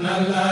na la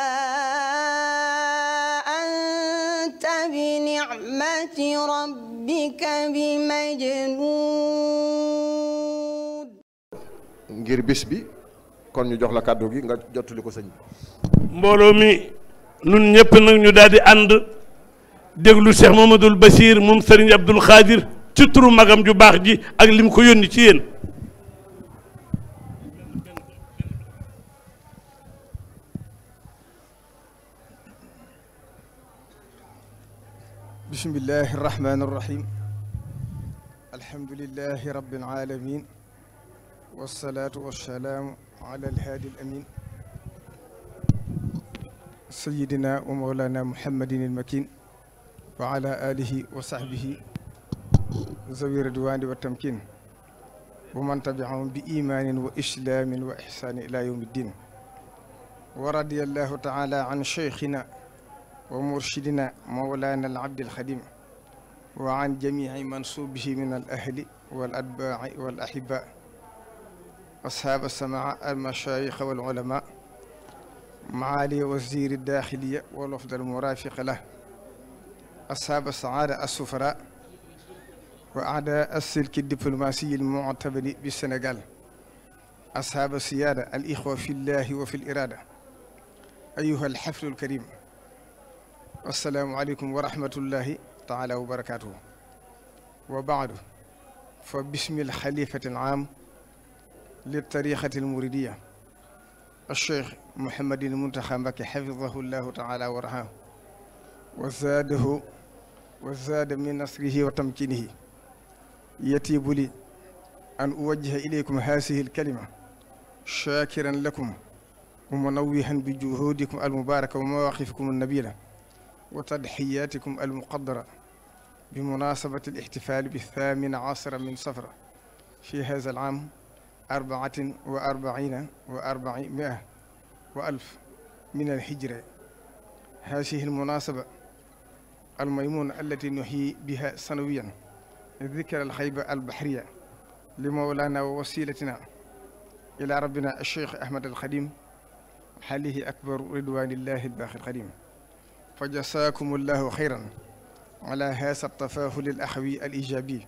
رحمة ngir bis bi kon ñu jox la kàddu gi nga jottali ko sëñ mbooloo mi nun ñëpp nag ñu daal di ànd déglu Cheikh Mamadou Bachir moom Serigne Abdoul Khadir ci turu magam ju baax ji ak lim ko yónni ci yéen bismillahi irrahmani irrahim alhamdulilahi rabilalamin walsalaatu walsalaamu ala alhaadi alamin sayidina wa maulana muhammadin almakin wa ala alihi wa sahbihi zawi ridwani wa tamkin wa man tabiahum bi imanin wa islaamin wa ixsaanin ila yawmi ddin wa radiallahu taala an cheikhina wa murshidina mawlaana al abdil xadim wa an jamici mansuubihi min al ahli wal atbaaci wal ahibaa ashaab asamaa al mashaayix wal ulamaa maali wasiiri daaxiliya wal wafd al muraafiqa lah ashaab asaada assufaraa wa aadaa assilki diplomaasiyi al muctabari bi Sénégal ashaab siyaada al ixwa fi llahi wa fi l iraada ayyuha al xaflu al karim asalaamualeykum wa rahmatullahi taala wa barakaatuhu wa baadu fa bismi alxalifati al aam liltariqati almuridiya alcheikh mohamadin muntaxa mbake xafidahu llahu taala wa raxaahu wa zaadahu wa zaada min nasrihi wa tamkinihi yatiibu li an uwajjiha ilaykum haasihi alkalima shaakiran lakum wa munawwihan bi juhuudikum almubaaraka wa mawaqifikum annabila wa tadxiyaatikum almuqadara bi munasabati alixtifaal bi thamin ashara min safar fi haza al aam arbaatin wa arbaina wa arbai mia wa alf min alhijra hadihi almunasaba almaymuna allati nuxyi biha sanawiyan dikra alxayba albahriya li mawlana wa wasilatina ila rabbina alcheikh ahmad alxadim xalihi akbar ridwanillahi albaaxi alxadim fa jasaakum allahu xayran ala haasa tafaahul alaxwi alijabi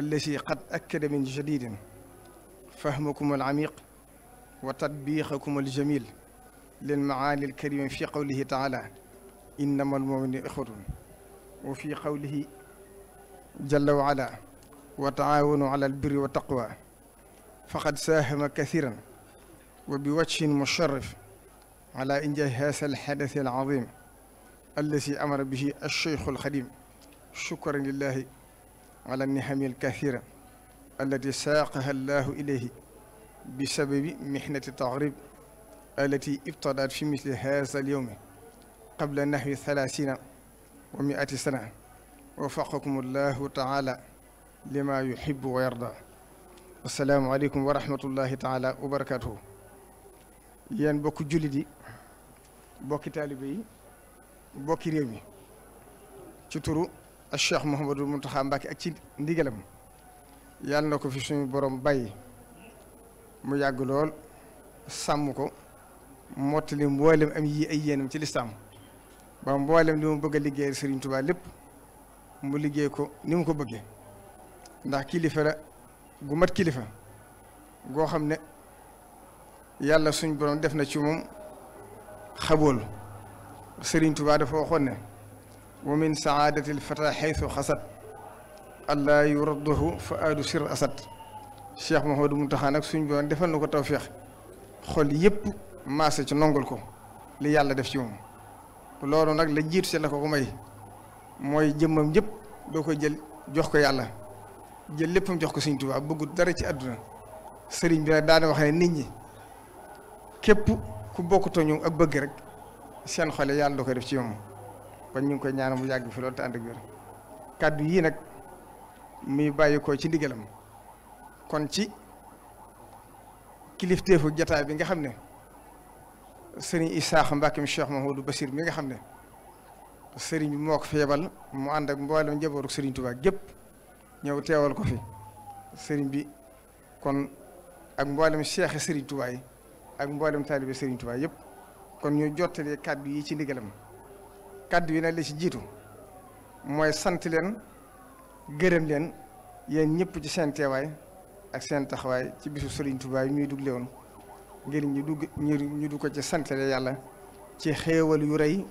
allati qad akkada min jadidin fahmakum alamiq wa tatbiqakum aljamil lilmaani alkarima fi qawlihi taala innama almuminu ixwatun wa fi qawlihi jalla wa ala wa taawanu ala albirri wa taqwa faqad saahama kathiran wa biwajhin musharraf ala injaahi haasa alxadasi alazim allazi amara bihi alcheikhu alxadim shukran lillahi ala nihami alkathira allati saaqaha allahu ilayhi bisababi mihnati tagrib allati ibtadaat fi misli haza alyowmi qabla nahwi thalathina wa miati sana wafaqakum allahu taala lima yuhibu wa yarda assalaamu aleykum wa rahmatullahi taala wa barakatuhu yéen bokk jullit yi bokki taalibe yi bokki réew mi ci turu ak Cheikh Mouhamadou Mountakha Mbacké ak ci ndigalam yàlla na ko fi suñu borom bàyyi mu yàgg lool sàmm ko mottali mboolem am yii ay yéenam ci lislaam ba mboolem li mu bëgg a liggéeyal Serigne Touba lépp mu liggéey ko ni mu ko bëggee ndax kilifa la gu mat kilifa goo xam ne yàlla suñ borom def na ci moom xabool Sëriñ Tuubaa dafa waxoon ne wa min saadati lfata xaytu xasat allaa yuradduhu fa aadu sir asat Cheikh Mouhamadou Mountakha nag suñ boon defal na ko taw tawféex xol yëpp maase ci nongol ko li yàlla def ci moom loolu nag la jiit ci la ko ko may mooy jëmmam yëpp doo koy jël jox ko yàlla jël léppam jox ko siñ tubaa bëggut dara ci àdduna sëriñ bi nag daana wax nit ñi képp ku bokkutoo ñu ak bëgg rek seen xole yàlla da ko def ci moom kon ñu ngi koy ñaan mu yàgg fi loolu te ànd ak wér kàddu yii nag muy bàyyi ko ci ndigalam kon ci kilifteefu jataay bi nga xam ne sëriñ i Isaaxa Mbàkkim Cheikh Mahoudou Basir mi nga xam ne sëriñ bi moo feebal mu ànd ak mboolem njabootu sëriñ Tuubaa gépp ñëw teewal ko fi sëriñ bi kon ak mboolem Cheikh sëriñ ak mboolem taalibe sëriñ Tuubaa yëpp. kon ñu jottali kàddu yi ci ndigalam kàddu yi nag li ci jiitu mooy sant leen gërëm leen yéen ñëpp ci seen teewaay ak seen taxawaay ci bisu Serigne Touba yi ñuy dugle woon ngir ñu dugg ñu du ko ci santale yàlla ci xéewal yu rey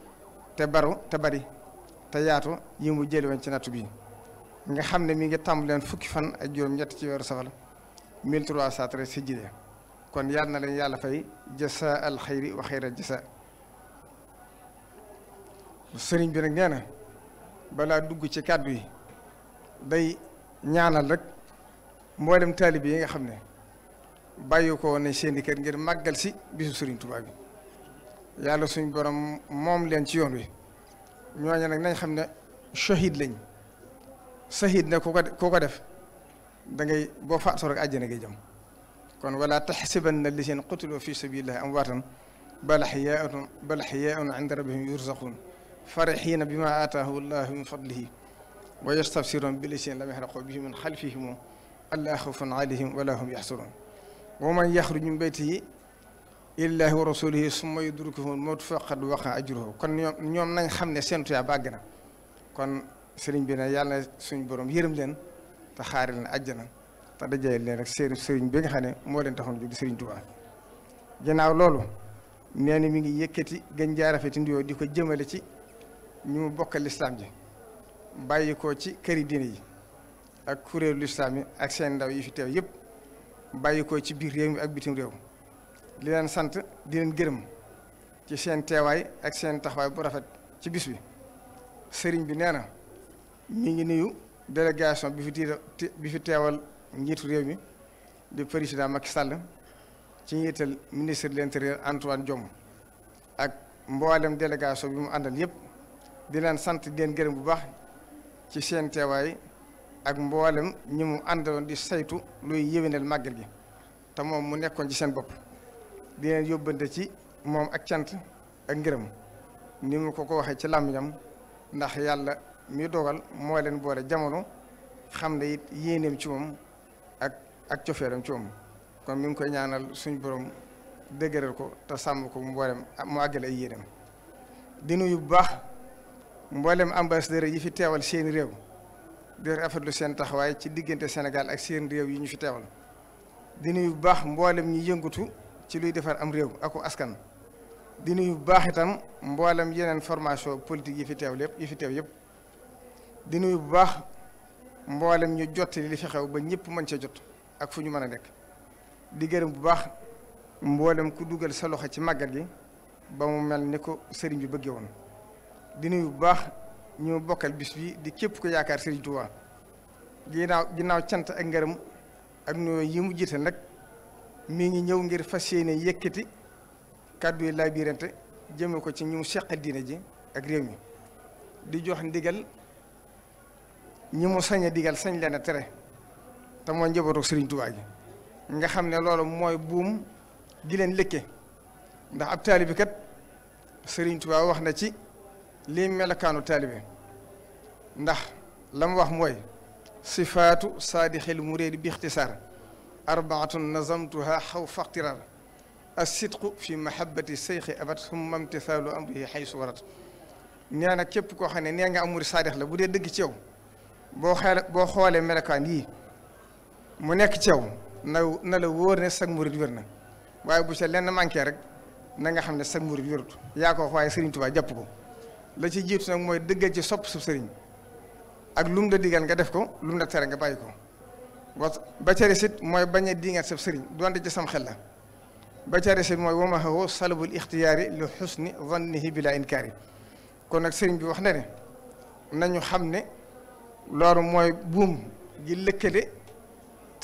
te baru te bari te yaatu yi mu jële woon ci nattu bi nga xam ne mi ngi leen fukki fan ak juróom-ñett ci weeru safar si jilee kon yal na leen yàlla fay jasa al xayri wa xayra jasa sëriñ bi nag nee balaa dugg ci kàddu yi day ñaanal rek mboolem taalibe yi nga xam ne bàyyi ko ne seeni kër ngir màggal si bisu sëriñ Tuubaa bi yàlla suñ borom moom leen ci yoon wi ñooñu nag nañ xam ne shahid lañ shahid na koo ko ko def da ngay boo faatoo rek àjjana ngay jëm kon wala taxsibanna liseen qutilu fi sabilillahi amwaatan bal axyaun bal axyaun inda rabbihim yurzaquun farixiina bima aataahu llahu min fadlihi wa yastabsiruun bi liseen lam yaxraqu bihi min xalfihim allaa xawfun alayhim wala hum yaxsunuun wa man yaxruj min baytihi illaahi wa rasulihi summa yudrikuhu l-mawtu faqad waqaa ajruhu kon ñoom ñoom nañ xam ne seen tuyaa bàgg na kon sëriñ bi ne yàlla na suñ borom yërëm leen te xaaril na àjjana te dajale leen rek seeru sëriñ bi nga xam ne moo leen taxoon jóg di sëriñ Tuubaa ginnaaw loolu nee na mi ngi yëkkati gën jaarafeti ndiyoo di ko jëmale ci ñu mu bokkal lislaam ji bàyyi ko ci këri diine yi ak kuréelu lislaam yi ak seen ndaw yi fi teew yëpp bàyyi ko ci biir réew mi ak bitim réew di leen sant di leen gërëm ci seen teewaay ak seen taxawaay bu rafet ci bis bi sëriñ bi nee na mi ngi nuyu délégation bi fi bi fi teewal njiitu réew mi di président Macky Sall ci njiital ministre de l'intérieur Antoine Diome ak mboolem délégation bi mu àndal yëpp di leen sant di leen gërëm bu baax ci seen teewaay ak mboolem ñi mu àndaloon di saytu luy yéwénal màgget gi te moom mu nekkoon ci seen bopp di yóbbante ci moom ak cant ak ngërëm ni mu ko ko waxee ci làmmiñam ndax yàlla mi dogal moo leen boole jamono xam ne it yéeneem ci moom ak cofee ci moom kon mi ngi koy ñaanal suñu borom dëgëral ko te sàmm ko mu mboolem mu àggale ay yéenam di nuyu bu baax mboolem ambassadeur yi fi teewal seen réew rafetlu seen taxawaay ci diggante Sénégal ak seen réew yi ñu fi teewal di nuyu bu baax mboolem ñi yëngatu ci luy defar am réew aku askan. di nuyu bu baax itam mboolem yeneen formation politique yi fi teew lépp yi fi teew yëpp di nuyu bu baax mboolem ñu jottali li fi xew ba ñëpp mën cee jot. ak fu ñu mën a nekk di gërëm bu baax mboolem ku dugal sa loxo ci màggal gi ba mu mel ni ko sëriñ bi bëggee woon di nuyu bu baax ñu bokkal bis bi di képp ko yaakaar sëriñ Tuubaa ginnaaw ginnaaw cant ak ngërëm ak nuyoo yi mu jiite nag mi ngi ñëw ngir fas yéene yëkkati kàddu yi laabirante jëme ko ci ñu seqal diine ji ak réew mi di jox ndigal ñi mu sañ digal sañ leen tere te mooy njabootu Serigne Touba gi nga xam ne loolu mooy buum gi leen lëkke ndax ab taalibi kat Serigne Touba wax na ci lii melokaanu taalibi ndax la wax mooy sifaatu saadixil muriid bi ixtisaar arbaatun nazamtuha xaw faxtiraar assidqu fi mahabbati seyxi abat summa imtisaalu amrihi xaysu warat nee na képp koo xam ne nee nga amuri saadix la bu dee dëgg ci yow boo xoolee boo melokaan yii mu nekk ci yow na na la wóor ne sag murit wér na waaye bu ca lenn manqué rek na nga xam ne sag murit wérut yaa ko wax waaye Sëriñ Tuubaa jàpp ko la ci jiitu nag mooy dëggal ci sopp su sëriñ ak lum la digal nga def ko lum la tere nga bàyyi ko wa ba ca resit mooy bañ a diingat sab sëriñ donte ci sam xel la ba ca resit mooy wa ma hawa salbul ixtiyaari li xusni zannihi bila inkaari kon nag sëriñ bi wax na ne nañu xam ne loolu mooy buum gi lëkkale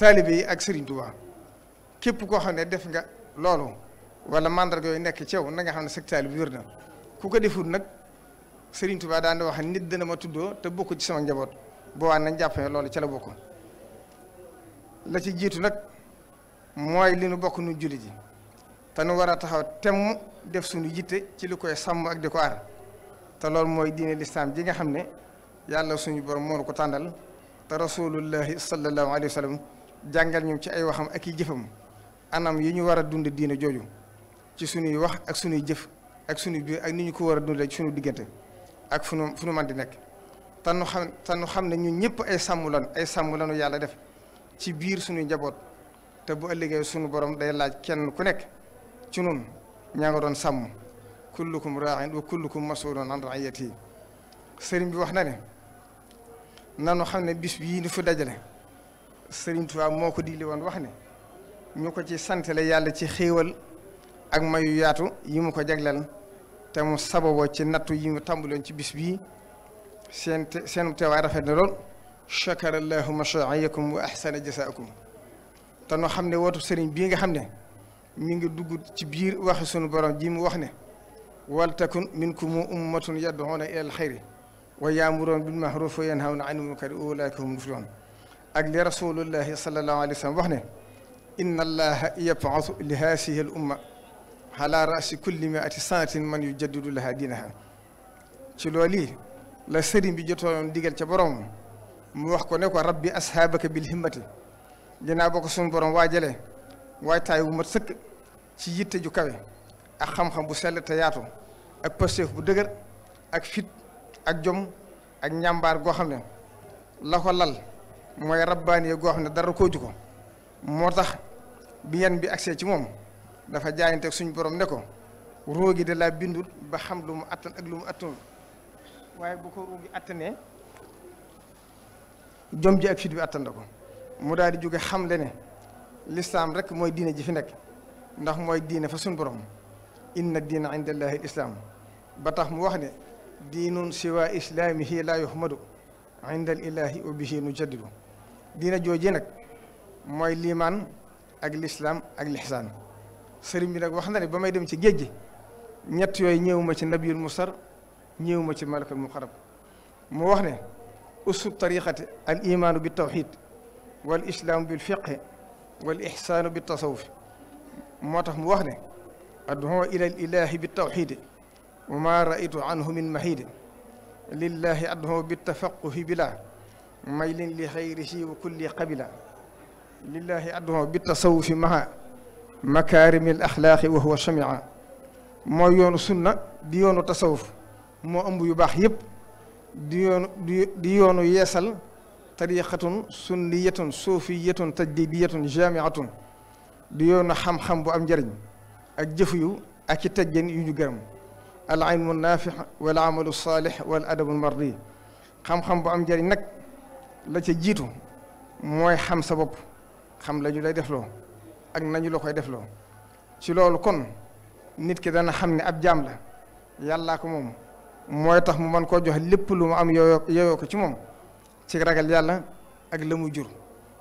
taalibe yi ak Serigne képp koo xam ne def nga loolu wala mandarga yooyu nekk cew yow xam ne sag taalibe wér na ku ko deful nag Serigne Touba daan di wax nit dana ma tuddoo te bokk ci sama njaboot boo nañ jàpp ne loolu ca la bokk la ci jiitu nag mooy li nu bokk nu julli ji te nu war a taxaw temm def suñu jitte ci li koy sàmm ak di ko aar te loolu mooy diine lislaam ji nga xam ne yàlla suñu borom moo ko tàndal te rasulullahi sallallahu jàngal ñu ci ay waxam ak i jëfam anam yi ñu war a dund diine jooju ci suñuy wax ak suñuy jëf ak suñuy biir ak ni ñu ko war a dundee ci suñu diggante ak fu nu fu nu nekk tanu xam xam ne ñu ñëpp ay sàmmu lan ay lanu yàlla def ci biir suñuy njaboot te bu ëllëgee suñu borom day laaj kenn ku nekk ci nun ñaa nga doon sàmm kullukum raain wa kullukum masulun an raiyati sëriñ bi wax na ne nanu xam ne bis bii nu fi dajale Serigne Touba moo ko digle woon wax ne ñu ko ci santale yàlla ci xéewal ak mayu yaatu yi mu ko jagleel te mu sababoo ci nattu yi mu tàmbaloon ci bis bii seen seen teewaay rafet na lool chakara allahu mashaayakum wa ahsana jasaakum te noo xam ne wootu sëriñ bii nga xam ne mi ngi dugg ci biir waxi sunu borom ji mu wax ne wal takun minkum ummatun yad'una ila alxayri wa yaamuruuna bil ma'rufi wa yanhawna anil munkari ulaika hum muflihun ak li rasulullahi sallallahu alayhi wa wax ne inna allaha yab'athu li haasihi al umma ala rasi kulli mi'ati sanatin man yujaddidu laha diinaha ci loolu yi la sëriñ bi jotoon digal ca borom mu wax ko ne ko rabbi ashaabaka bil himmati dina bokk suñu borom waajalee waajtaay wu mat sëkk ci yitte ju kawe ak xam-xam bu sell te yaatu ak pësteef bu dëgër ak fit ak jom ak ñàmbaar goo xam ne la ko lal mooy rabbaani goo xam ne dara kooju ko moo tax bi yan bi agsee ci moom dafa jaayanteeg suñu borom ne ko ruugi da bindu ba xam lu mu attan ak lu mu attanul waaye bu ko ruugi attanee jom ji ak fit bi attan na mu daal di jóge xam le ne lislaam rek mooy diine ji fi nekk ndax mooy diine fa suñu borom inna diina inda allahi lislaam ba tax mu wax ne diinun siwa islaamihi laa yuhmadu inda al ilahi wa bihi nujaddidu diina jooje nag mooy liimaan ak lislaam ak lixsaan sëriñ bi nag wax na ne ba may dem ci géej gi ñett yooyu ñëwuma ci nabiyul musar ma ci malakul muqarab mu wax ne usub tariqati al bi tawxid waa islaamu bil fiqi wal bi tasawuf moo tax mu wax ne adduhoo ila l bi tawxidi wa ma raitu anhu min mahidi lillahi adduhoo bi tafaquhi billah may leen li xayri si wa kulli qabila lillahi addumo bi tasawufi maha makaarimi al wa huwa chamia mooy yoonu sunna di yoonu tasawuf moo ëmb yu baax yëpp di yoonu di yoonu yeesal tariqatun sunniyatun suufiyatun tajdidiyatun jaamiatun di yoon xam-xam bu am njëriñ ak jëf yu ak ci teggin yu ñu gërëm al ilmu naafi wal amalu saalix wal adabu mardi xam-xam bu am njëriñ nag la ci jiitu mooy xam sa bopp xam lañu ñu lay defloo ak nañu la koy defloo ci loolu kon nit ki dana xam ne ab jaam la yàllaa ko moom mooy tax mu mën koo jox lépp lu mu am yooyoo yooyoo ko ci moom ci ragal yàlla ak la mu jur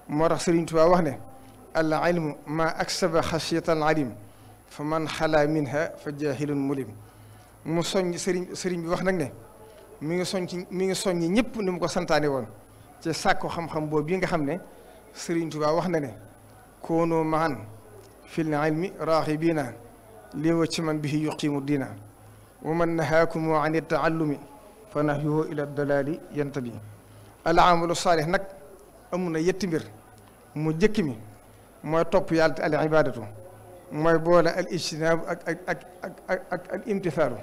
moo tax Sëriñ Tuubaa wax ne al ilmu ma aksaba xasiyata al alim fa man xalaa minha fa jaahilun mulim mu soññ sëriñ sëriñ bi wax nag ne mu ngi soññ mi ngi soñ soññ ñëpp ni mu ko santaane woon ca sàkku xam-xam boobu nga xam ne Sëriñ wax na ne koonoo maan fil ilmi raaxibiina li wa ci man bihi yuqimu diina wa man nahaakumu an taallumi fa nahyuhu ila dalaali yantabi al amalu saalih nag amu na yetti mbir mu jëkk mi mooy topp yàlla te al ibaadatu mooy boole al ijtinaabu al imtisaalu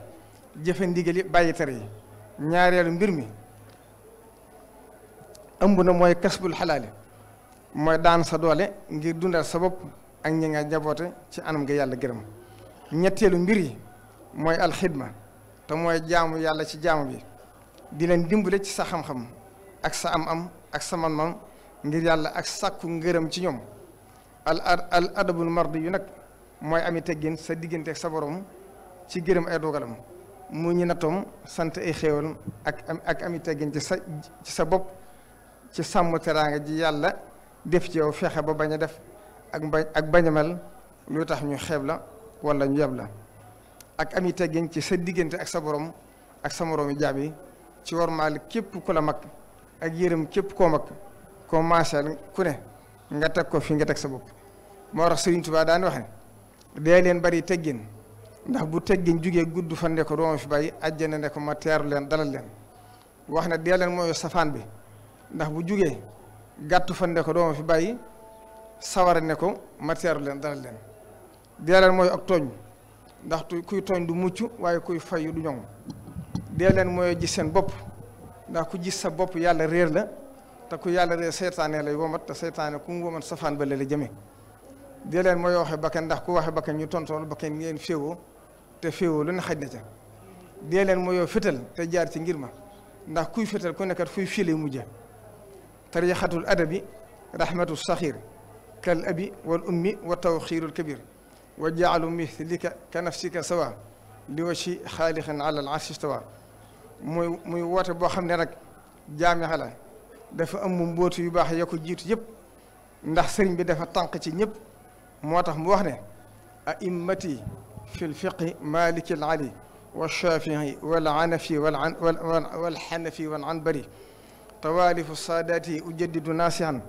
jëfe ndigali bàyyi tere yi mbir mi ëmb na mooy kasbul xalaali mooy daan sa doole ngir dundal sa bopp ak ñi nga jaboote ci anam nga yàlla gërëm ñetteelu mbir yi mooy alxidma te mooy jaamu yàlla ci jaamu bi di leen dimbale ci sa xam-xam ak sa am-am ak sa man-man ngir yàlla ak sàkku ngërëm ci ñoom al al adabul mardi yu nag mooy amit teggin sa diggante ak sa borom ci gërëm ay dogalam mu ñu nattoom sant ay xéewal ak ak ami teggin sa ci sa bopp. ci sàmm teraanga ji yàlla def ci yow fexe ba bañ a def ak mbañ ak bañ a mel lu tax ñu xeeb la wala ñu yeb la ak ami teggin ci sa diggante ak sa borom ak sa moroomi jaam yi ci war képp ku la mag ak yërëm képp koo mag koo maasal ku ne nga teg ko fi nga teg sa bopp moo tax Sëriñ Tuubaa daan waxe dee leen bari teggin ndax bu teggin jugee gudd fan ne ko dooma fi bàyyi àjjana ne ko ma leen dalal leen wax ne dee leen mooy safaan bi ndax bu jugee gàtt fan ne ko dooma fi bàyyi sawara ne ko matière leen dara leen dee mooy ak tooñ ndax kuy tooñ du mucc waaye kuy fayu du ñoŋ dee leen mooy gis seen bopp ndax ku gis sa bopp yàlla réer la te ku yàlla réer seytaane lay womat te seytaane ku mu womat safaan ba la jëme dee leen mooy waxee bakkan ndax ku waxee bakkan ñu tontool bakkan ngeen féewoo te féewoo lu ne xaj na ca dee leen mooy yow fétal te jaar ci ngir ma ndax kuy fétal ku nekkat fuy fii lay mujje tariixatul adabi rahmatu saxiir kal abi wal ummi wa tawxiirul kabir wa jaalu mislika ka nafsika sawa li wa si xaalixin ala al arshi stawa muy muy woote boo xam ne rek jaamixa la dafa am mbootu yu baax ya ko jiitu yëpp ndax sëriñ bi dafa tànq ci ñëpp moo tax mu wax ne a'immati fi lfiqi maliki al ali wa shafii wal anafi wal wal wal xanafi wal anbari tawaalifu saadaati ujaddidu naasihan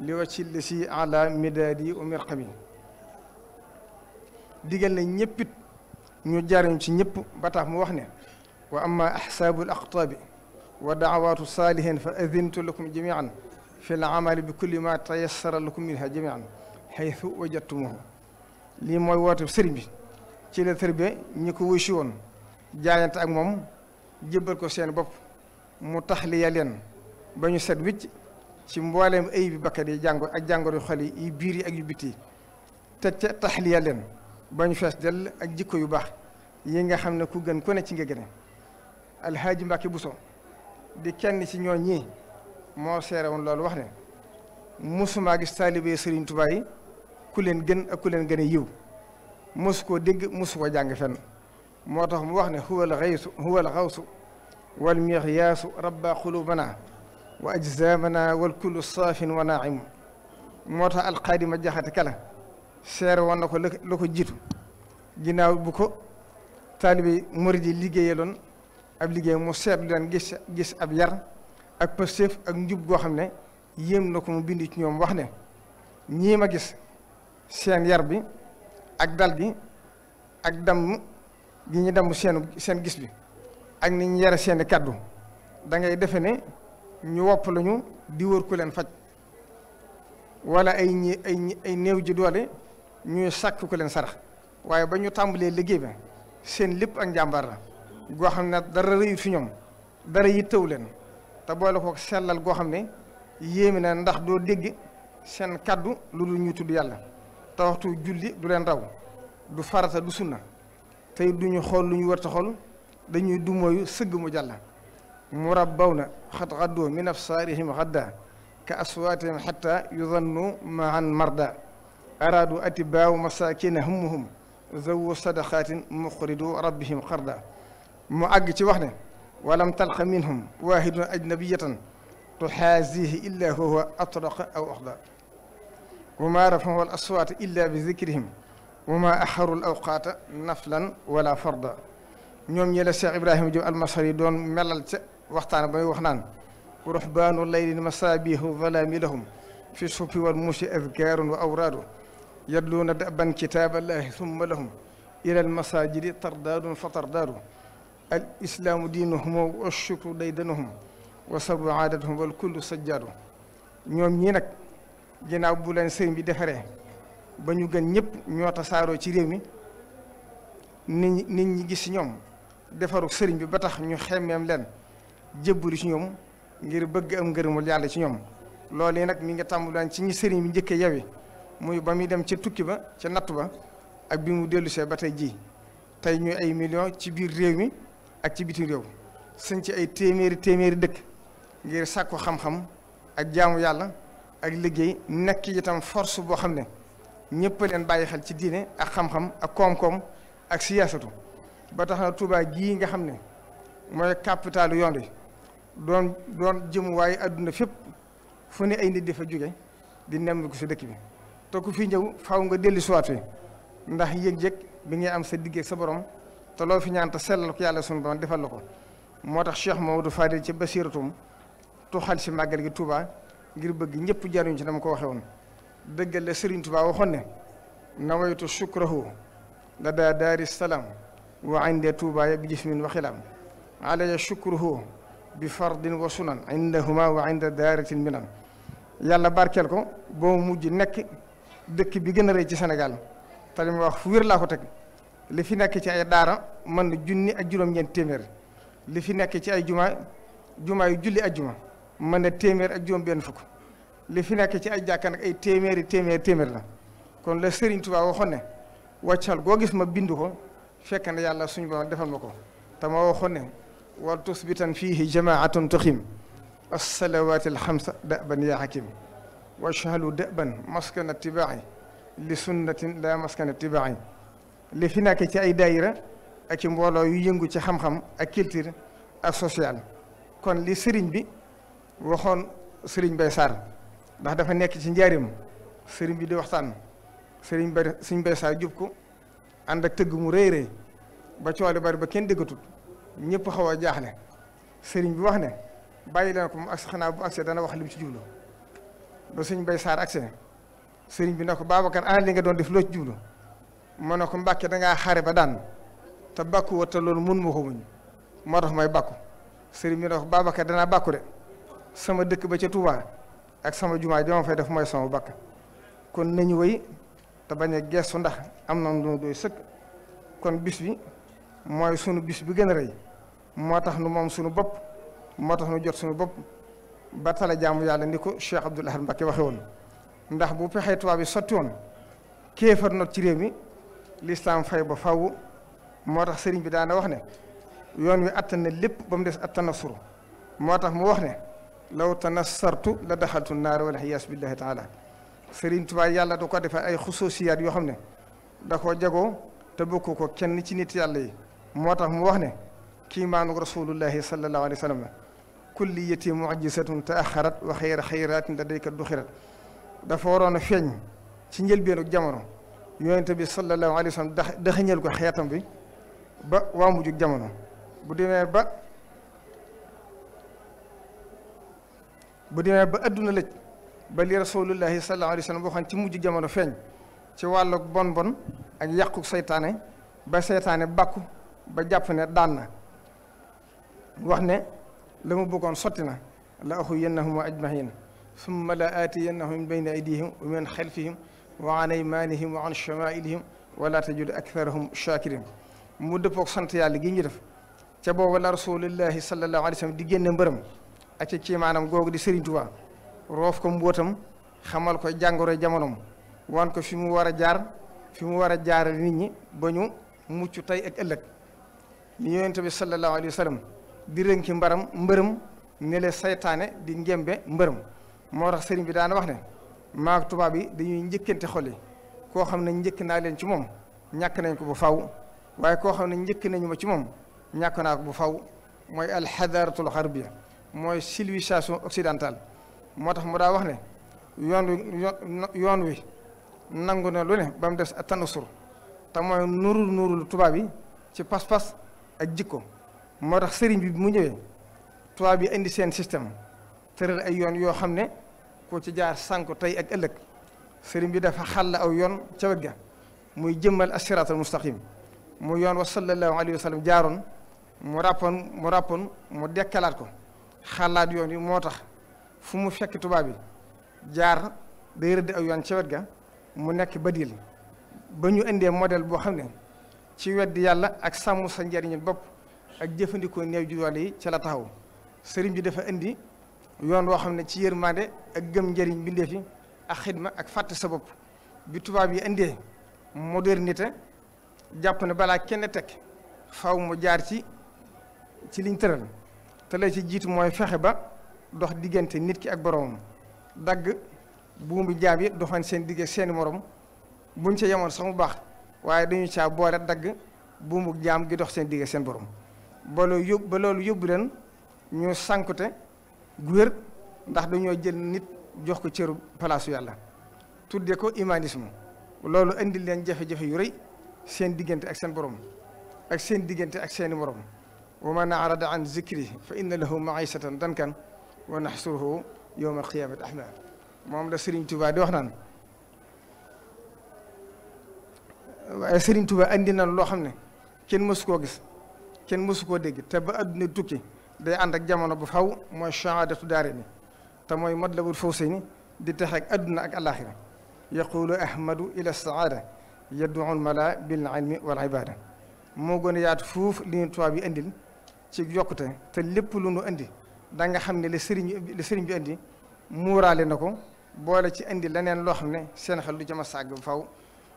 li wacil si ala midaadi u mirqabi digal na ñëppit ñu jariñ ci ñëpp ba mu wax ne wa amma axsaabu l aqtaabi wa daawaatu saalihin fa adintu lakum jamian fi l bi kulli ma tayassara lakum minha jamian xaytu wajadtumuhu lii mooy woote sëriñ bi ci la tërbe ñi ko wuy si woon jaayante ak moom jébbal ko seen bopp mu taxliya leen bañu ñu set wicc ci mbooleem ay bi bakkat yi jàngo ak jàngoro xol yi biir yi ak yu biti te ca taxliya leen fees dell ak jikko yu baax yi nga xam ne ku gën kone ne ci nga gëne alhaaji Mbàkke Buso di kenn ci ñoo ñii moo seere woon loolu wax ne mosumaa gis taalibe Sëriñ Tuubaa yi ku leen gën ak ku leen gën a yiw mosu koo dégg mosu koo jàng fenn moo tax mu wax ne huwal xaysu huwal xawsu wal miqyaasu rabba xulubana waa wa ajzaamana wal kullu saafin wa naim moo tax alxaadima jaxate kala seere woon na ko la ko jiitu ginnaaw bu ko taalibe murid yi liggéeyaloon ab liggéey mu seet leen gis gis ab yar ak pëstéef ak njub goo xam ne yéem na ko mu bind ci ñoom wax ne ñii ma gis seen yar bi ak dal bi ak damm gi ñu damm seen seen gis bi ak ni ñu yare seeni kàddu dangay ngay defe ne ñu wopp lañu di wër ko leen faj wala ay ñi ay ay néew ji doole ñuy sàkk ku leen sarax waaye ba ñu tàmbalee liggéey bi seen lépp ak njàmbaar la goo xam ne dara rëyut fi ñoom dara yittaw leen te boole ko sellal goo xam ne yéeme na ndax doo dégg seen kàddu lu dul ñuy tudd yàlla te waxtu julli du leen raw du farata du sunna tey du ñu xool lu ñu wërta xool dañuy dumooyu sëgg mu jàlla murabbawna xat xaddu min absaarihim xadda ka aswaatihim xatta yudannu maan marda araadu atibaaw masaakina hummuhum zawu sadaqaatin muqridu rabbihim xarda mu àgg ci wax ne walam talqa minhum waahidun ajnabiyatan tuxaazihi illa huwa atraqa aw oxda wa ma rafahu al aswaata illa bi zikrihim wa ma axaru al awqaata naflan wala farda ñoom ñi la Cheikh Ibrahima Diop almasar yi doon melal ca waxtaan ba wax naan ruxbaanu laylin masaabihu zalaami lahum fi sufi wal musi azkaarun wa awraadu yadluuna daban kitaaballahi summa lahum ila almasajidi tardaadun fa tardaadu al islaamu diinuhum wa shukru daydanuhum wa sabu wal kullu sajjaadu ñoom ñii nag ginnaaw bu leen sëriñ bi defaree ba ñu gën ñëpp ñoota tasaaroo ci réew mi nit ñi gis ñoom defaru sëriñ bi ba tax ñu xemmeem leen jébbalu ci ñoom ngir bëgg am ngërëmul yàlla ci ñoom loolu yi nag mi nga tàmbalee ci ñi sëriñ bi njëkkee yawi muy ba muy dem ca tukki ba ca nattu ba ak bi mu dellusee ba tey ji tey ñuy ay millions ci biir réew mi ak ci bitim réew sëñ ci ay téeméeri téeméeri dëkk ngir sàkku xam-xam ak jaamu yàlla ak liggéey nekk itam force boo xam ne ñëpp leen bàyyi xel ci diine ak xam-xam ak koom-koom ak siyaasatu ba tax na Tuubaa gii nga xam ne mooy capitalu yoon wi doon doon jëm waaye àdduna fépp fu ne ay nit di fa jóge di nemmiku si dëkk bi te ku fi ñëw faw nga dellu si waat ndax yëg-yëg bi ngay am sa digg sa borom te loo fi ñaan te sellal ko yàlla sunu borom defal la ko moo tax Cheikh Maodo Fadil ci basiratum tuxal si màggal gi Touba ngir bëgg ñëpp jaruñ ci dama ko waxee woon dëggal la Serigne Touba waxoon ne nawaytu sukrahu la daa daari waa wa inde Touba ya bi jismin wa xilaam alaya shukruhu bi fardin wa sunan indahuma wa inda daaratil minan yàlla barkeel ko boo mujj nekk dëkk bi gën a rëy ci Sénégal te li wax fu laa ko teg li fi nekk ci ay daara mën na junni ak juróom téeméer li fi nekk ci ay juma juma yu julli ajjuma mën na téeméer ak juróom-benn fi nekk ci ay jàkka ay téeméeri téeméer téeméer la kon la Serigne Touba waxoon ne wàccal goo gis ma bind ko fekk na yàlla suñu borom defal ma ko te ma waxoon ne wal tusbitan fiihi jamaatun tuxim alsalawati alxamsa daban yaa xakim wajhalu daban maskana tibaaci li sunnatin la maskana tibaaci li fi nekk ci ay daayira ak i mbooloo yu yëngu ci xam-xam ak culture ak sociale kon li sëriñ bi waxoon sëriñ Bay Sarr ndax dafa nekk ci njaarim sëriñ bi di waxtaan sëriñ Bay sëriñ Bay Sarr ko ànd ak tëgg mu rëy rëy ba coole bari ba kenn déggatut ñëpp xaw a jaaxle sëriñ bi wax ne bàyyi leen ko mu agsi xanaa bu agsee dana wax li mu ci jublu ba sëñ Bay Saar agsee sëriñ bi ne ko Babacar ana ah, li nga doon def loo ci jublu mu ne ko Mbàkke dangaa xare ba daan te bàkku wa te loolu mun ma ko muñ moo tax may bàkku sëriñ bi ne ko Babacar danaa bàkku de sama dëkk ba ca Touba ak sama jumaa ja fay def mooy sama bàkk kon nañu wéy te bañ a geestu ndax am na lu doy sëkk kon bis bi mooy sunu bis bi gën a rëy moo tax nu moom suñu bopp moo tax nu jot suñu bopp ba tala jaamu yàlla ni ko Cheikh Abdoul Ahad Mbacké waxe woon ndax bu pexee tubaab bi sotti woon kéefar not ci réew mi lislaam fay ba faww moo tax sëriñ bi daana wax ne yoon wi attan ne lépp ba mu des attanasuru moo tax mu wax ne law tanassartu la daxaltu naar wala xiyaas billahi taala sëriñ Tuubaa yàlla doo ko defal ay xusuusiyaat yoo xam ne da koo jagoo te bokku ko kenn ci nit yàlla yi moo tax mu wax ne kiimaanu rasulullahi sallallahu alayhi wa sallam kulliyati mu'jizatun ta'axarat wa xayra xayraatin ladayka duxirat dafa waroon a feeñ ci njëlbeenu jamono yonente bi sallallahu alayhi dax daxañal ko xeetam bi ba waa mujjug jamono bu demee ba bu demee ba àdduna lëj ba li rasulullahi sallallahu alayhi wa sallam ci mujjug jamono feeñ ci wàllu bon bon ak yàqu seytaane ba seytaane bàkku ba jàpp ne daan na wax ne la mu bëggoon sotti na la axuyannahum ajmahin summa la aatiyannahum min bayni aydihim wa min xalfihim wa an aymanihim wa an chamailihim wala tajid aktharahum shakirin mu dëppoog sant yàlla gi ñu def ca booba la rasulillahi sallallahu alayhi wa sallam di génne mbërëm ak ci maanaam googu di Serigne Touba roof ko mbootam xamal ko jàngoro jamonoom wan ko fi mu war a jaar fi mu war a jaarale nit ñi ba ñu mucc tey ak ëllëg li yonente bi sallallahu alayhi di rënki mbaram mbërëm ne le saytaane di njembe mbërëm moo tax sëriñ bi daana wax ne maak tubaab yi dañuy njëkkante xol koo xam ne njëkk naa leen ci moom ñàkk nañ ko bu faw waaye koo xam ne njëkk nañu ma ci moom ñàkk naa ko bu faw mooy alxadaratul xarbiya mooy civilisation occidentale moo tax mu daa wax ne yoon wi yoon wi nangu na lu ne ba des a tanasur te mooy nurul nurul tubaab yi ci pas-pas ak jikko moo tax sëriñ bi mu ñëwee tubaab bi indi seen système tëral ay yoon yoo xam ne ku ci jaar sànku tey ak ëllëg sëriñ bi dafa xàll aw yoon ca wegga muy jëmmal asiraatal mustaqim mu yoon wa sallallahu alayhi wa jaaroon mu ràppoon mu ràppoon mu dekkalaat ko xalaat yoon yi moo tax fu mu fekk tubaab bi jaar day rëdd yoon ca wet ga mu nekk badil ba ñu indee model boo xam ne ci weddi yàlla ak sàmm sa njariñu bopp ak jëfandikoo néew ju doole yi ca la taxaw sëriñ bi dafa indi yoon woo xam ne ci yërmande ak gëm njëriñ mbindeef yi ak xidma ak fàtte sa bopp bi tubaab yi indee modernite jàpp ne balaa kenn teg faw mu jaar ci ci liñ tëral te la ci jiitu mooy fexe ba dox diggante nit ki ak boroomam dagg buumbi jaam yi doxan seen digg seeni morom buñ ca yemoon sax mu baax waaye dañu caa boole dagg buumu jaam gi dox seen digg seen borom ba loolu yób ba loolu yóbbu leen ñu sankute gu wér ndax dañoo jël nit jox ko cëru palaasu yàlla de ko humanisme loolu indil leen jafe-jafe yu seen diggante ak seen borom ak seen diggante ak seeni morom wa man arada an zikri fa inna lahu maisatan dankan wa naxsuruhu yowma alqiyamati ahma moom la Sëriñ Tuba di wax naan waaye Sëriñ Tuba indi na loo xam ne kenn mësu koo gis kenn mësu dégg te ba adduna tukki day ànd ak jamono bu faw mooy shahaadatu daare ni te mooy matlabul fawsayni di texe ak adduna ak alaxira yaqulu ahmadu ila saada yadduul mala bil ilmi wal ibada moo gën a yaatu fuuf li ñu tubaab bi indil ci yokkute te lépp lu nu indi danga xam ne li sëriñ li sëriñ na ko boole ci indi leneen loo xam ne seen xel du jëm a sàgg faw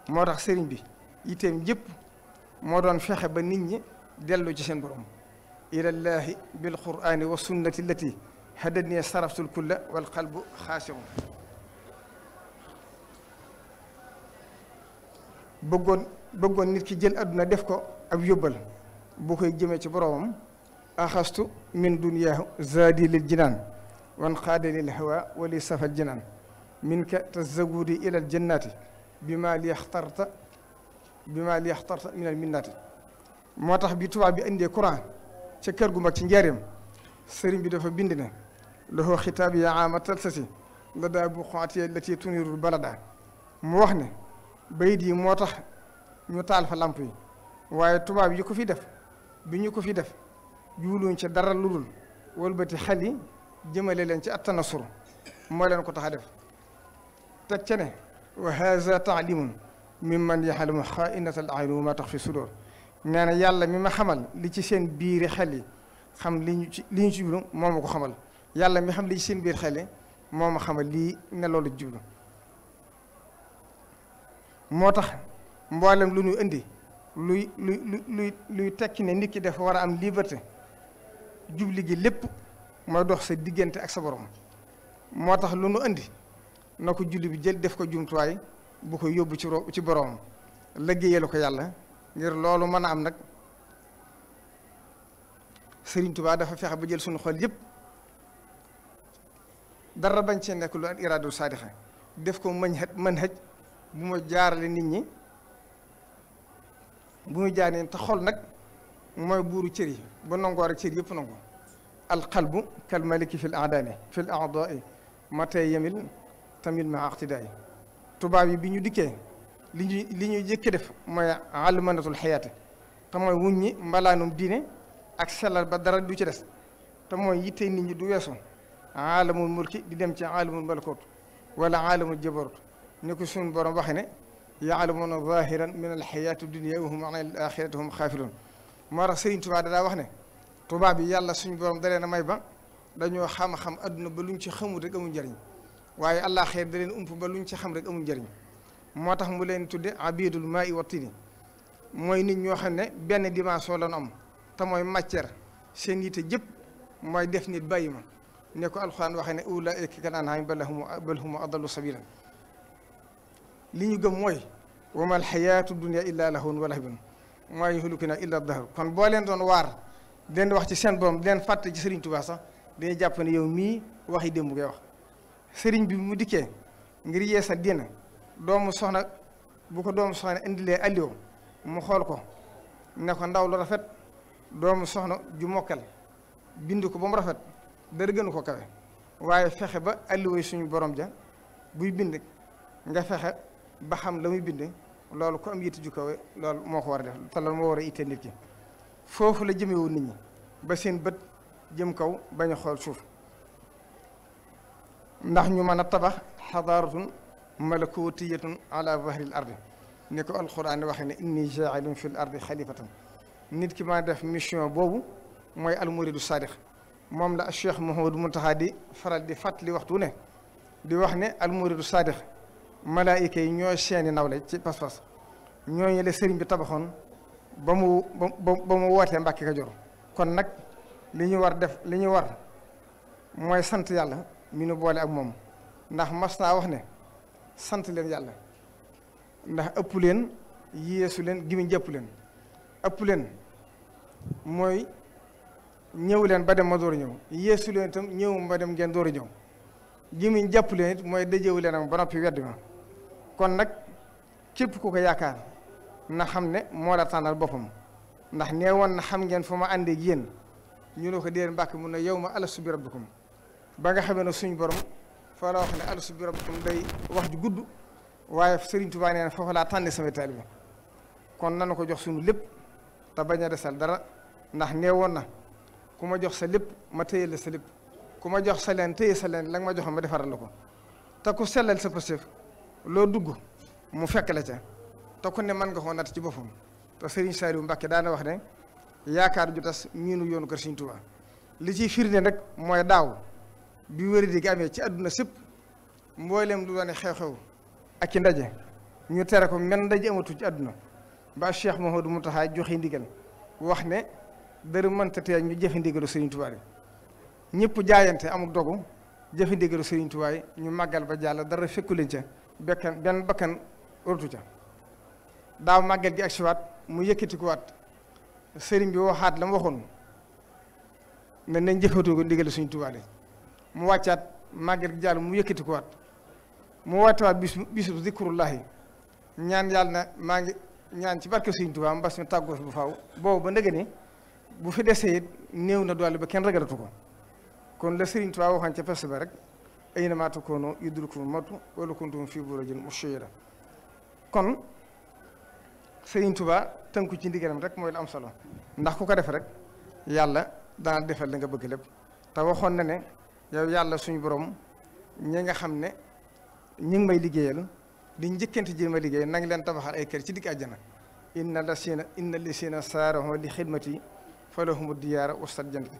moo tax sëriñ bi iteem yëpp moo doon fexe ba nit ñi delloo ci seen borom ilallahi bil qurani wa sunnati allati hadani saraftul kulla wal qalbu xaasiun bëggoon nit ki jël àdduna def ko ab yóbbal bu koy jëmee ci boromam axastu min duniyaahu zaadi lil jinaan wan lil hawa wali safal jinaan min ka tazawudi ilal jannaati bi maa min al moo tax bi tubaab bi indee courant ca kër gu mag ci njaareem sëriñ bi dafa bind ne loxoo xitaab yaa amatal sa si la daa bu xoatee la ci bala balada mu wax ne bayit yi moo tax ñu taal fa làmp yi waaye tubaab yi ko fi def bi ñu ko fi def juuluñ ci dara lu dul walbati xel yi jëmale leen ci attanasur moo leen ko tax a def teg ca ne wa haza taalimun min man yaxalamu xaainata al ayni wa ma tax fi sudoor nee yàlla mi ma xamal li ci seen biir xel yi xam li ñu ci li ñu ci jublu moo ma ko xamal yàlla mi xam li ci seen biir xel yi moo ma xamal lii ne loolu jublu moo tax mboolem lu ñu indi luy luy luy tekki ne nit ki dafa war a am liberté jubli gi lépp ma dox sa diggante ak sa borom moo tax lu nu indi na ko julli bi jël def ko jumtuwaay bu ko yóbbu ci ci boroom liggéeyal ko yàlla ngir loolu mën am nag Sëriñ Tuubaa dafa fexe ba jël suñu xol yëpp dara bañ cee nekk lu ak iraadu saadixa def ko mën xëj mën xëj bu ma jaarale nit ñi bu muy jaaree ta xol nag mooy buuru cër yi ba nangoo rek cër yëpp nangu alqalbu kal maliki fil aadaani fil aadaai matee yemil tamil ma aqtidaay tubaab yi bi ñu dikkee li ñuy li ñuy jëkk def mooy àllumanatul xayaati te mooy wuññi mbalaanum diine ak sellal ba dara du ci des te mooy yitte nit ñi du weesu aalamul mulki di dem ci aalamul malakut wala aalamul jabarut ni ko suñu borom waxe ne yaalamuna zahiran min alxayaati dunia wa hum an al axirati hum xaafiloon moo tax Sëriñ Tuubaa wax ne tubaab yi yàlla suñu borom da leen may ba dañoo xam-xam adduna ba luñ ci xamut rek amul njëriñ waaye àllaaxira da leen ump ba luñ ci xam rek amul njëriñ moo tax mu leen tudde abidul maa i wa mooy nit ñoo xam ne benn dimension lañu am te mooy matière seen yitte jëpp mooy def nit bàyyi ma ne ko waxe waxee ne ulaa'ika kal an'aami bal hum adallu sabiilan li ñu gëm mooy wa mal xayaatu dunya illaa lahwun wa lahbun maa yuhlikunaa illaa dahr kon boo leen doon waar den wax ci seen borom den fàtte ci Serigne Touba sax dañuy jàpp ne yow mii waxi démb ngay wax Serigne bi mu dikkee ngir yeesa dina doomu soxna bu ko doomu soxna indilee alliwo mu xool ko ne ndaw lu rafet doomu soxna ju mokkal bind ko ba mu rafet dara gënu ko kawe waaye fexe ba alliwo suñu borom ja buy bind nga fexe ba xam la muy bind loolu ko am yitte ju kawe loolu moo ko war a def te loolu moo war a ittee nit ki foofu la jëmewu nit ñi ba seen bët jëm kaw bañ xool suuf ndax ñu mën a tabax xadaaratun malakutiyatun ala wahril ardi ni ko alxuraan waxee ne inni jaailun fil ardi xalifatan nit ki ma def mission boobu mooy almuridu saadix moom la Cheikh Mouhamadou Mountakha di faral di fàttali waxtu ne di wax ne almuridu saadix malaayika yi ñoo seeni nawle ci pas-pas ñooñu le sëriñ bi tabaxoon ba mu ba mu wootee Mbàkke Kajoor kon nag li ñu war def li ñu war mooy sant yàlla mi nu boole ak moom ndax mas naa wax ne sant leen yàlla ndax ëpp leen yéesu leen gimiñ jàpp leen ëpp leen mooy ñëw leen ba dem ma door a ñëw yéesu leen itam ñëwum ba dem ngeen door a ñëw gimiñ jàpp leen mooy dajewu leen am ba noppi wedd ma kon nag képp ku ko yaakaar na xam ne moo la tànnal boppam ndax nee woon na xam ngeen foo ma àndee ak yéen ñu ne ko déer mbàkk mun na yow ma ala alastu bi rabbikum ba nga xamee ne suñ borom fa la wax ne alastu bi rabbikum day wax ju gudd waaye Serigne Touba nee na foofu laa tànne samay taalibe kon nanu ko jox sunu lépp te bañ a desal dara ndax nee woon na ku ma jox sa lépp ma téye sa ku ma jox sa leen téye ma joxoon ma defaral la ko te ku sellal sa pëstéef loo dugg mu fekk la ca te ku ne mën nga koo natt ci boppam te Serigne Saliou Mbacke daana wax ne yaakaar ju tas miinu yoonu ko Serigne Touba li ciy firnde rek mooy daaw. bi wéradi gi amee ci àdduna sëpp mbooleem du doon xew-xew ak ci ndaje ñu tere ko men ndaje amatu ci àdduna ba Cheikh mu Mountakha joxe ndigal wax ne dara mënta te ñu jëfe ndigalu Sëriñ Tuubaa ñëpp amul dogu jëfe ndigalu Sëriñ ñu màggal ba jàll dara fekku ca bekkan benn bakkan rotu ca daa màggal gi ak siwaat mu yëkkati ko waat sëriñ bi waxaat la mu waxoon ne nañ jëfatu ko ndigalu Sëriñ Tuubaa mu wàccaat màgget gi jàll mu yëkkati ko waat mu wootewaat bis bisu zikrullahi ñaan yàlla na maa ngi ñaan ci barke Sëriñ Tuubaa mbas mi tàggoos bu faw boobu ba ndëgëni bu fi desee it néew na doole ba kenn ragalatu ko kon la Sëriñ Tuubaa waxoon ca pes ba rek aynamaa takuunu yudrikkumul mawtu walaw kuntum fii buruujin mushayyada kon Sëriñ Tuubaa tënku ci ndigalam rek mooy la am solo ndax ku ko def rek yàlla dana defal li nga bëgg lépp te yow yàlla suñu borom ñi nga xam ne ñi ngi may liggéeyal di njëkkante jéem a liggéey na ngi leen tabaxal ay kër ci digg àjjana inna la siina inna li siina saaraho li xidmati fa lahumu diyaara ustat jannati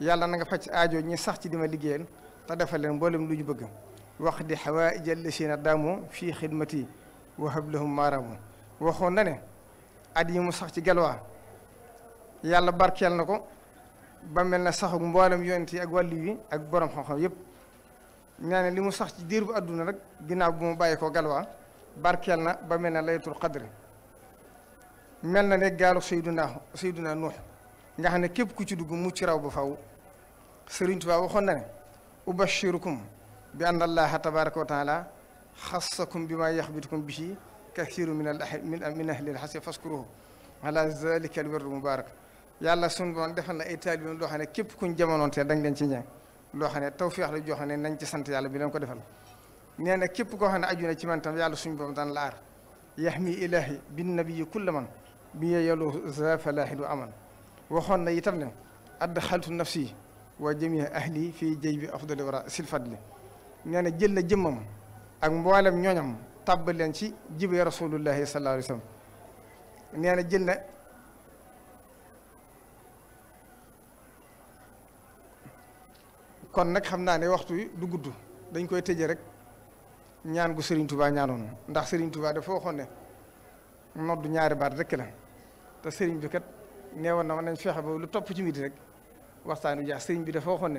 yàlla na nga faj aajo ñi sax ci di ma liggéeyal te defal leen mboolem lu ñu bëgg wax di xawaaija li siina daamu fii xidmati wa hab lahum maaraamu waxoon na ne at yi mu sax ci gelwaa yàlla barkeel na ko ba mel na saxuk mboolem yonent yi ak wàllu yi ak borom xam-xam yëpp nee na li mu sax ci diir bu àdduna rek ginnaaw bu mu bàyyi ko galwaa barkeel na ba mel na laytul qadri mel na ne gaalu sayduna sayduna nuux nga xam ne képp ku ci dugg mucc raw ba faw Sëriñ Tuubaa waxoon na ne ubashirukum bi anna allaha tabaraka wa taala xassakum bi maa yaxbitukum bihi kathiru min al min min ahlil xasi faskuruhu ala zalika mubarak yàlla suñu boon defal na ay taalibe loo xam ne képp kuñ jamonoontee dañ leen ci ñee loo xam ne tawfeex la joo xam ne nañ ci sant yàlla bi leen ko defal nee na képp koo xam ne aju na ci man tam yàlla suñu boom daan la aar yaxmi ilaahi bin nabiyyi kulla man bi yelu zafalahin wa aman waxoon na itam ne add xaltu nafsi wa jamii ahli fii jëy bi afdali wara sil fadli nee na jël na jëmmam ak mboolem ñooñam tàbbal leen ci jibe rasulullahi sallallahu alayhi wa jël na kon nag xam naa ne waxtu wi du gudd dañ koy tëje rek ñaan gu Serigne Touba ñaanoon ndax sëriñ Touba dafa waxoon ne ñaari baat rekk la te Serigne bi kat neewoon na ma nañ fexe ba lu topp ci midi rek waxtaan wi jaax Serigne bi dafa waxoon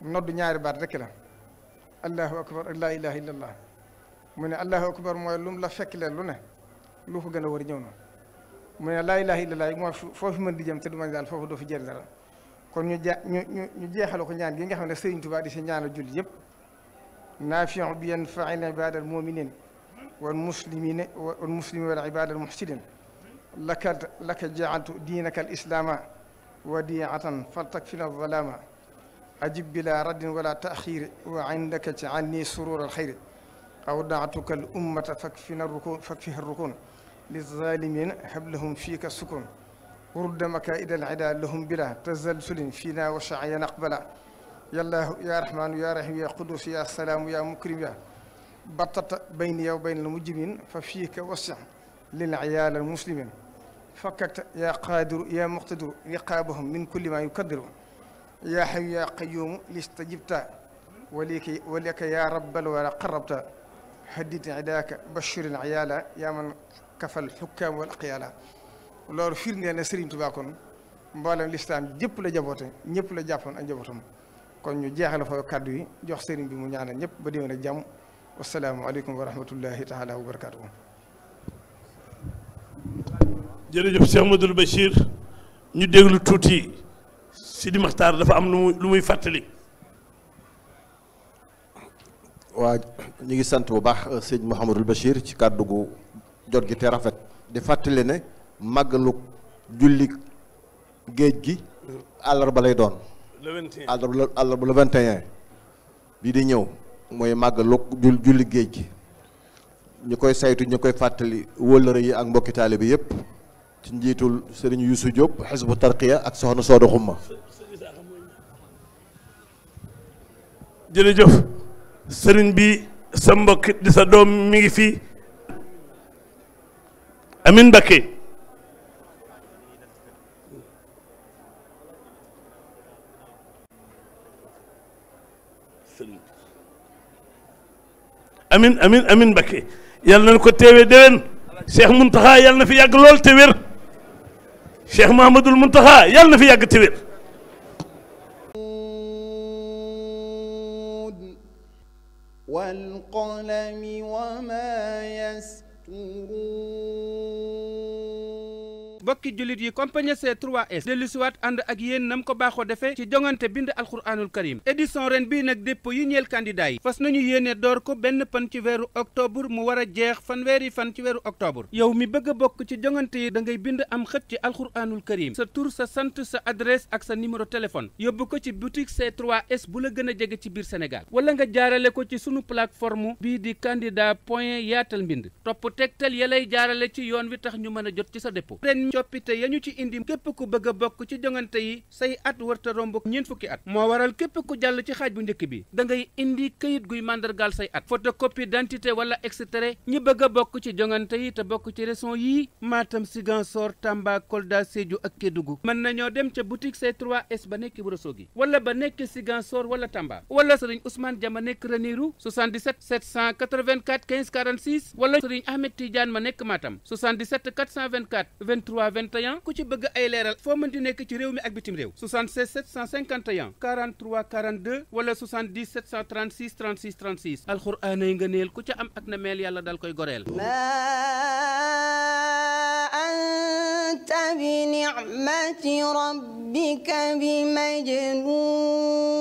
ne ñaari baat rek la allahu akbar ak laa ilaha illallah mu ne allahu akbar mooy lu la fekk leen lu ne lu ko gën a war ñëw na mu ne laa ilaha illallah mooy foofu mën di jëm te du ma daal foofu doo fi jël dara kon ñu ja ñu ñu jeexale ko ñaan gi nga xam ne Sëriñ Tuubaa di si ñaanal jullit yëpp naafiu bi yanfa'il ibadal mu'minin wal muslimina wal muslimin wal ibadal muhsinin laka laka ja'altu diinaka al islaama wadiatan faltakfina zalama ajib bila raddin wala taaxir wa indaka ja'alni surur al xayr awda'tuka al ummata fakfina rukun fakfiha rukun lizzalimin hablahum fiika sukun ورد مكائد العدا لهم بلا تزلزل فينا وشعيا نقبلا يا الله يا رحمن يا رحيم يا قدوس يا سلام يا مكرم يا بطت بيني وبين المجرمين ففيك وسع للعيال المسلمين فككت يا قادر يا مقتدر رقابهم من كل ما يكدر يا حي يا قيوم لاستجبت وليك ولك يا رب الورى قربت حديت عداك بشر العيال يا من كفى الحكام والأقيال loolu firndee na sëriñ Touba kon mboolem lislaam jëpp la jaboote ñëpp la jàppoon ak jabootam kon ñu jeexal fa kàddu yi jox Serigne bi mu ñaanal ñëpp ba déwén ak jàmm wasalaamualeykum wa rahmatullahi taala wa barakaatu. jërëjëf Cheikh Madou Bachir ñu déglu tuuti Sidi Maxtaar dafa am lu muy lu muy fàttali. waa ñu ngi sant bu baax sëñ Mouhamadul Bachir ci kàddu gu jot gi te rafet di fàttali ne. màggalu julli géej gi. àllarba lay doon. le 21 àllarba le 21 di ñëw mooy màggalu julli géej gi ñu koy saytu ñu koy fàttali wóllëre yi ak mbokki taalibe bi yëpp ci njiitul Serigne Youssou Diop xisbu tarqiya ak soxna Sooda Xumma. sëriñ bi sa mbokk di sa doom mi ngi fii Amin Mbakke amin amin amin Mbakke yàlla nañu ko teewee déwén Cheikh Mountakha yàlla na fi yàgg lool te wér Cheikh Mouhamadoul Mountakha yàlla na fi yàgg te wér wal qalami wa ma bokki jullit yi compagnie C3S dellu siwaat ànd ak yéen nam ko baaxoo defee ci jongante bind alxuraanul karim édition ren bii nag dépôt yi ñeel candidat yi fas nañu yéene door ko benn pan ci weeru octobre mu war a jeex fanweeri fan ci weeru octobre yow mi bëgg bokk ci jongante yi da bind am xët ci alxuraanul karim sa tur sa sant sa adresse ak sa numéro téléphone yóbbu ko ci boutique c 3 bu la gën a jege ci biir Sénégal wala nga jaarale ko ci sunu plateforme bii di candidat point yaatal mbind topp tegtal ya lay jaarale ci yoon wi tax ñu mën a jot ci sa dépôt coppite ya ñu ci indi képp ku bëgg a bokk ci jongante yi say at warta romb ñeent fukki at moo waral képp ku jàll ci xaaj bu njëkk bi da ngay indi këyit guy màndargaal say at photocopie d'identité wala et cetera ñi bëgg bokk ci jongante yi te bokk ci région yii Matam Ziguinchor Tamba Kolda Sédhiou ak Kédougou mën nañoo dem ca boutique C3S ba nekk Ourossogui wala ba nekk Ziguinchor wala Tamba wala Serigne Ousmane Dia ma nekk Ranérou 77 784 15 46 wala Serigne Ahmed Tidiane ma nekk Matam 77 424 23 321 ku ci bëgg ay leeral foo mën di nekk ci réew mi ak bitim réew 76 751 43 42 wala 70 736 36 36 alxuraan ay nga neel ku ca am ak na meel yàlla dal koy goreel anta bi ni'mati rabbika bi majnuun